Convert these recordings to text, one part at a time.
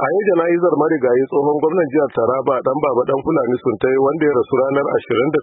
a yi jana'izar marigayi tsohon gwamnan jihar taraba dan baba dan fulani suntai wanda ya rasu ranar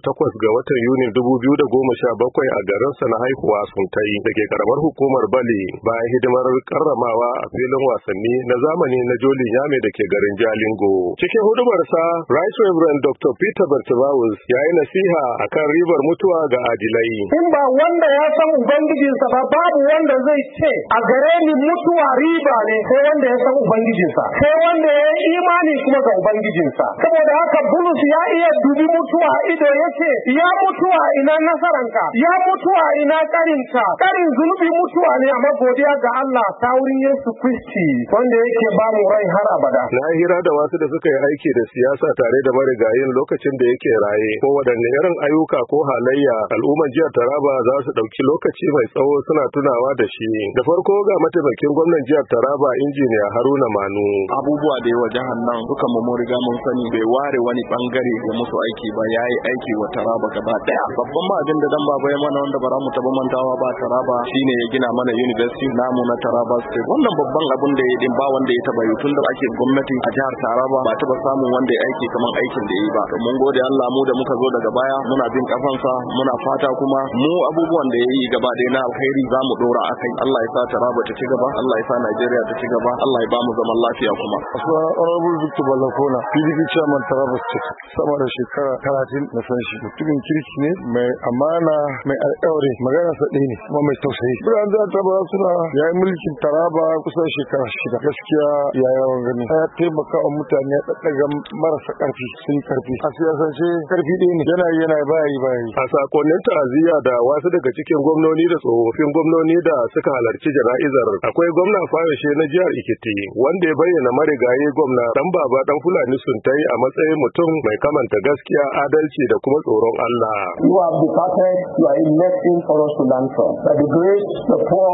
28 ga watan yuni 2017 a garin na haihuwa suntai da ke karamar hukumar bali bayan hidimar karramawa a filin wasanni na zamani na joli yame da ke garin jalingo cikin hudubarsa right reverend dr peter bartibawus ya yi nasiha akan ribar mutuwa ga adilai in ba wanda ya san ubangijinsa ba babu wanda zai ce a gare ni mutuwa riba ne sai wanda ya san ubangijinsa ne wanda ya yi imani kuma ga ubangijinsa saboda haka bulus ya iya dubi mutuwa ido yace ya mutuwa ina nasaranka ya mutuwa ina karinka karin zunubi mutuwa ne amma godiya ga Allah ta wurin Yesu Kristi wanda yake ba mu rai har abada na hira da wasu da suka yi aiki da siyasa tare da marigayin lokacin da yake raye ko waɗanne irin ayyuka ko halayya al'ummar jihar Taraba za su ɗauki lokaci mai tsawo suna tunawa da shi da farko ga mataimakin gwamnan jihar Taraba injiniya Haruna Manu abubuwa da yawa jihar nan duka mu mun riga mun sani bai ware wani bangare ya musu aiki ba ya yi aiki wa taraba gaba daya babban ma abin da dan baba ya mana wanda bara mu taba mantawa ba taraba shine ya gina mana university namu na taraba state wannan babban abin da ya din ba wanda ya taba yi tun da ake gwamnati a jihar taraba ba taba samun wanda ya aiki kamar aikin da yi ba mun gode Allah mu da muka zo daga baya muna bin kafansa muna fata kuma mu abubuwan da ya yi gaba daya na alkhairi za mu dora akai Allah ya sa taraba ta ci gaba Allah ya sa Najeriya ta ci gaba Allah ya ba mu zaman lafiya kuma suna honorable victor balakona pdp chairman taraba state sama da shekara talatin na san shi mutumin kirki ne mai amana mai alkawari magana sa ɗaya ne kuma mai tausayi birane da taba suna ya yi mulkin taraba kusan shekara shida gaskiya ya yi yawan gani ya taimaka wa mutane ya ɗaɗɗaga marasa ƙarfi sun yi ƙarfi a ce ƙarfi ɗaya ne yana yana baya yi baya yi a sakonnin ta'aziyya da wasu daga cikin gwamnoni da tsofaffin gwamnoni da suka halarci jana'izar akwai gwamna shi na jihar ikiti wanda ya bayyana na marigayi gwamna dan baba dan fulani sun tai a matsayin mutum mai kamanta gaskiya adalci da kuma tsoron Allah. You have departed, you are in nothing for us to learn from. By the grace, the poor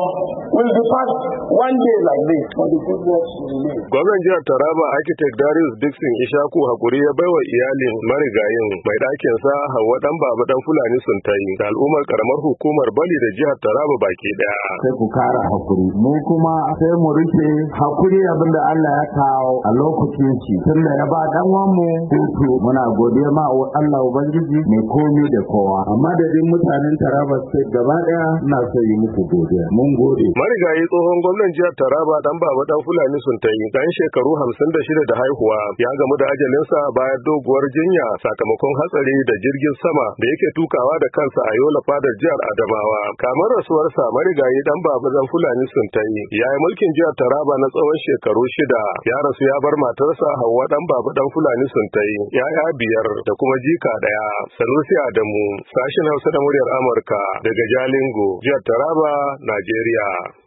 will depart one day like this, for the good works will Gwamnan jihar Taraba architect Darius Dixon Ishaku Hakuri ya baiwa iyalin marigayin mai dakin sa Hauwa dan baba dan fulani sun tai da al'ummar karamar hukumar Bali da jihar Taraba baki daya. Sai ku kara hakuri. Mu kuma sai mu rufe hakuri abinda Allah ya kawo a lokacin shi tun da ya ba dan wanmu hutu muna godiya ma Allah ubangiji mai komi da kowa a madadin mutanen Taraba State gaba daya na so yi muku godiya mun gode marigayi tsohon gwamnan jihar Taraba dan baba dan Fulani sun tayi dan shekaru 56 da haihuwa ya gamu da ajalinsa bayan doguwar jinya sakamakon hatsari da jirgin sama da yake tukawa da kansa a Yola fadar jihar Adamawa kamar rasuwarsa marigayi dan baba dan Fulani sun tayi ya yi mulkin jihar Taraba na tsawon shekaru shida ya rasu ya bar matarsa Hauwa dan babu dan Fulani sun tai yaya biyar da kuma jika daya Sanusi Adamu sashin Hausa da muryar Amurka daga Jalingo jihar Taraba Najeriya